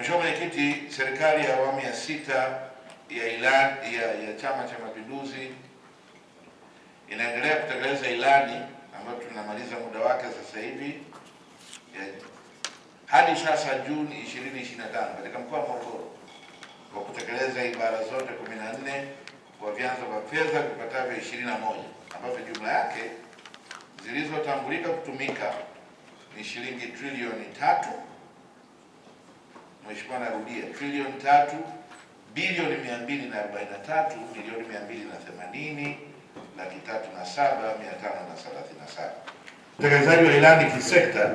Mheshimiwa Mwenyekiti, serikali ya awamu ya sita ya ilani ya, ya Chama cha Mapinduzi inaendelea kutekeleza ilani ambayo tunamaliza muda wake sasa hivi hadi sasa Juni 2025 katika mkoa wa Morogoro kwa kutekeleza ibara zote 14 kwa vyanzo vya fedha vipatavyo 21 ambavyo jumla yake zilizotambulika kutumika ni shilingi trilioni tatu Mheshimiwa, narudia trilioni tatu bilioni mia mbili na arobaini na tatu milioni mia mbili na themanini laki tatu na saba mia tano na thelathini na saba. Utekelezaji wa ilani kisekta.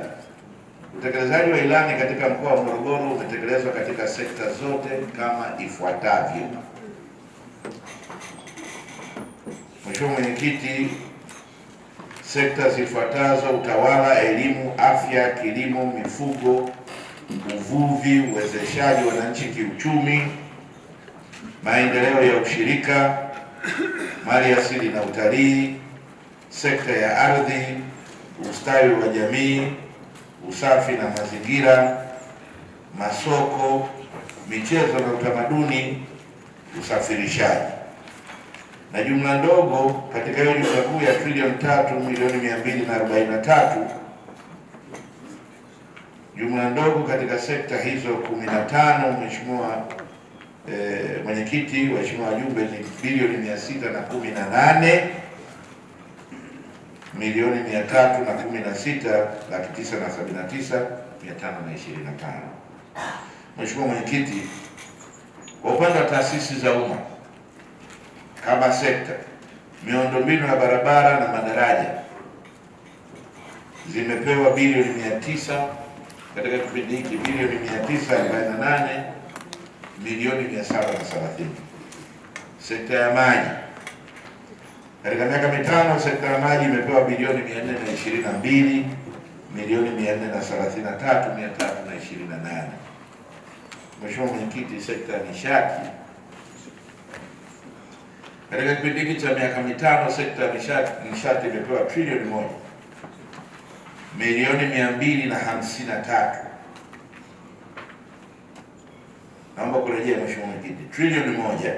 Utekelezaji wa ilani katika mkoa wa Morogoro umetekelezwa katika sekta zote kama ifuatavyo. Mheshimiwa Mwenyekiti, sekta zifuatazo: utawala, elimu, afya, kilimo, mifugo uvuvi, uwezeshaji wananchi kiuchumi, maendeleo ya ushirika, mali asili na utalii, sekta ya ardhi, ustawi wa jamii, usafi na mazingira, masoko, michezo na utamaduni, usafirishaji na jumla ndogo katika jumla kuu ya trilioni tatu milioni mia mbili na arobaini na tatu jumla ndogo katika sekta hizo 15, na mheshimiwa e, mwenyekiti, waheshimiwa wajumbe, ni bilioni 618 na milioni 316 laki tisa na Mheshimiwa mwenyekiti, kwa upande wa taasisi za umma kama sekta miundombinu ya barabara na madaraja zimepewa bilioni mia katika kipindi hiki bilioni 948 milioni 730. Sekta ya maji katika miaka mitano, sekta ya maji imepewa bilioni 422 milioni 433,328. Mheshimiwa Mwenyekiti, sekta ya nishati katika kipindi hiki cha miaka mitano, sekta ya nishati imepewa trilioni moja milioni mia mbili na hamsini na tatu. Naomba kurejea mheshimiwa mwenyekiti, trilioni moja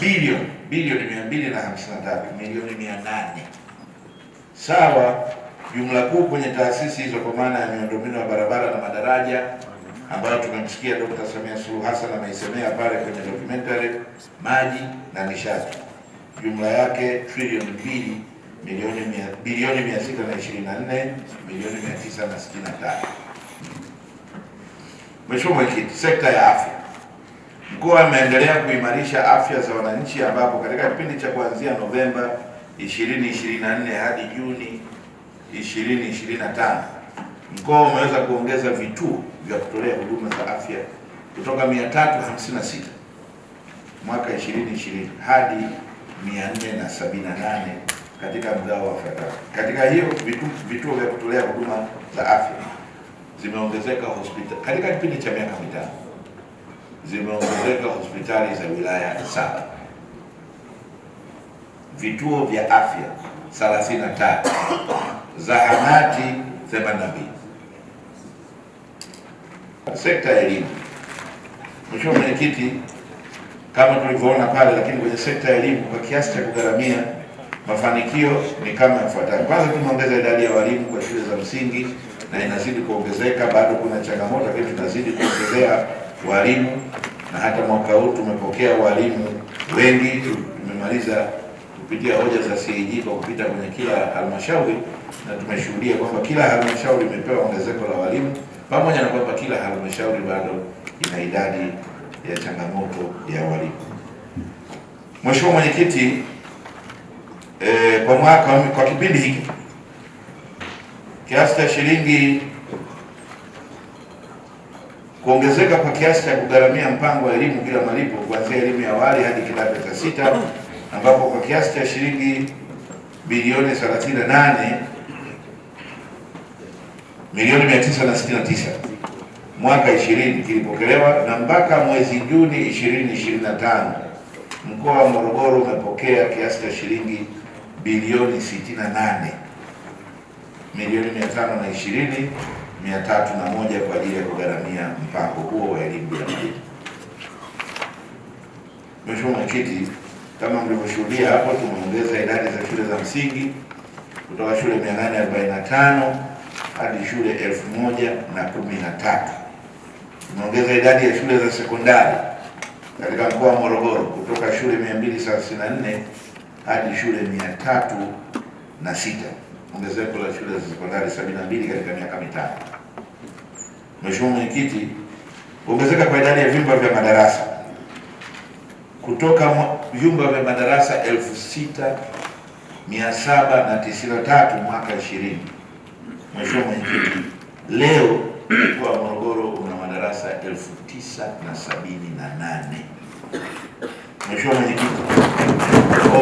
bilioni bilioni mia mbili na hamsini na tatu milioni mia nane sawa jumla kuu kwenye taasisi hizo kwa maana ya miundombinu ya barabara na madaraja ambayo tumemsikia Dkt. Samia Suluhu Hassan ameisemea pale kwenye documentary, maji na nishati, jumla yake trilioni mbili bilioni bilioni mia sita na ishirini na nne milioni mia tisa na sitini na tano. Mheshimiwa Mwenyekiti, sekta ya afya. Mkoa ameendelea kuimarisha afya za wananchi ambapo katika kipindi cha kuanzia Novemba 2024 hadi Juni 2025 mkoa umeweza kuongeza vituo vya kutolea huduma za afya kutoka 356 mwaka 2020 hadi 478 katika mgao wa fedha. Katika hiyo vituo vya kutolea huduma za afya zimeongezeka hospitali katika kipindi cha miaka mitano zimeongezeka hospitali za wilaya saba, vituo vya afya 33, zahanati 82. Sekta ya elimu, Mheshimiwa Mwenyekiti, kama tulivyoona pale, lakini kwenye sekta ya elimu kwa kiasi cha kugharamia Mafanikio ni kama yafuatayo. Kwanza, tumeongeza idadi ya walimu kwa shule za msingi na inazidi kuongezeka. Bado kuna changamoto, lakini tunazidi kuongezea walimu na hata mwaka huu tumepokea walimu wengi. Tumemaliza kupitia hoja za CAG e kwa kupita kwenye kila halmashauri, na tumeshuhudia kwamba kila halmashauri imepewa ongezeko la walimu, pamoja na kwamba kila halmashauri bado ina idadi ya changamoto ya walimu. Mheshimiwa Mwenyekiti, e, kwa mwaka kwa kipindi hiki kiasi cha shilingi kuongezeka kwa kiasi cha kugharamia mpango wa elimu bila malipo kuanzia elimu ya awali hadi kidato cha sita ambapo kwa kiasi cha shilingi bilioni 38 milioni 969 mwaka 20 kilipokelewa na mpaka mwezi Juni 2025 mkoa wa Morogoro umepokea kiasi cha shilingi bilioni 68 milioni 520 301 kwa ajili ya kugharamia mpango huo wa elimu ya malipo. Mheshimiwa Mwenyekiti, kama mlivyoshuhudia hapo, tumeongeza idadi za shule za msingi kutoka shule 845 hadi shule 1013. Tumeongeza idadi ya shule za sekondari katika mkoa wa Morogoro kutoka shule 234 hadi shule mia tatu na sita ongezeko la shule za sekondari sabini na mbili katika miaka mitano. Mheshimiwa Mwenyekiti, kuongezeka kwa idadi ya vyumba vya madarasa kutoka vyumba vya madarasa elfu sita mia saba na tisini na tatu mwaka ishirini. Mheshimiwa Mwenyekiti, leo mkoa wa Morogoro una madarasa elfu tisa na sabini na nane. Mheshimiwa Mwenyekiti,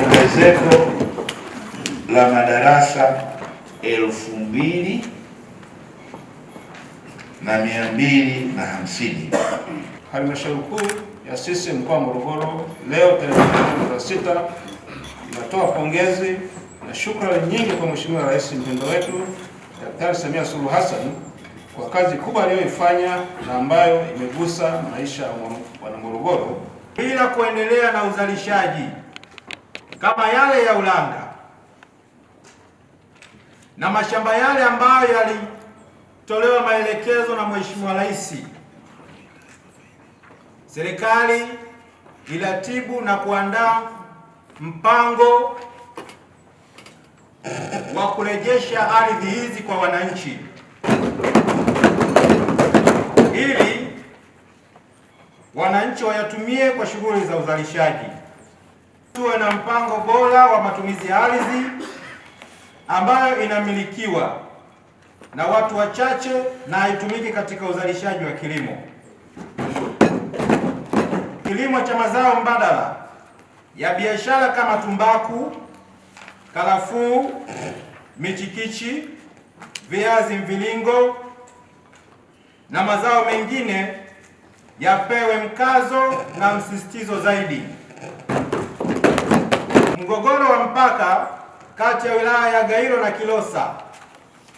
ongezeko la madarasa elfu mbili na mia mbili na hamsini. Halmashauri kuu ya sisi mkoa wa Morogoro leo tarehe 6 inatoa pongezi na shukrani nyingi kwa Mheshimiwa Rais mpendwa wetu Daktari Samia Suluhu Hassan kwa kazi kubwa aliyoifanya na ambayo imegusa maisha ya Wanamorogoro bila kuendelea na uzalishaji kama yale ya Ulanga na mashamba yale ambayo yalitolewa maelekezo na Mheshimiwa Rais, serikali ilatibu na kuandaa mpango wa kurejesha ardhi hizi kwa wananchi ili wananchi wayatumie kwa shughuli za uzalishaji tuwe na mpango bora wa matumizi ya ardhi ambayo inamilikiwa na watu wachache na haitumiki katika uzalishaji wa kilimo. Kilimo cha mazao mbadala ya biashara kama tumbaku, karafuu, michikichi, viazi mviringo na mazao mengine yapewe mkazo na msisitizo zaidi. Mgogoro wa mpaka kati ya wilaya ya Gairo na Kilosa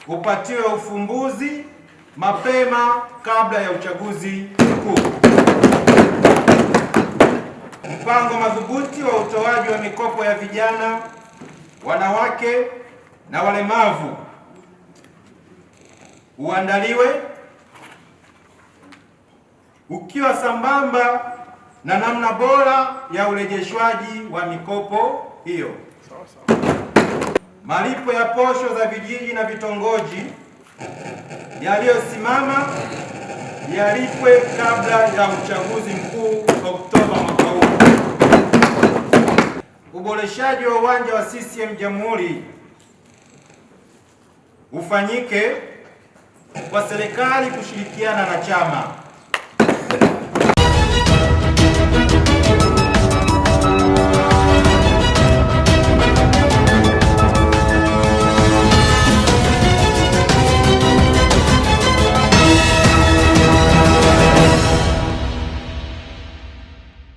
upatiwe ufumbuzi mapema kabla ya uchaguzi mkuu. Mpango madhubuti wa utoaji wa mikopo ya vijana, wanawake na walemavu uandaliwe ukiwa sambamba na namna bora ya urejeshwaji wa mikopo hiyo. Malipo ya posho za vijiji na vitongoji yaliyosimama yalipwe kabla ya uchaguzi mkuu Oktoba mwaka huu. Uboreshaji wa uwanja wa CCM Jamhuri ufanyike kwa serikali kushirikiana na chama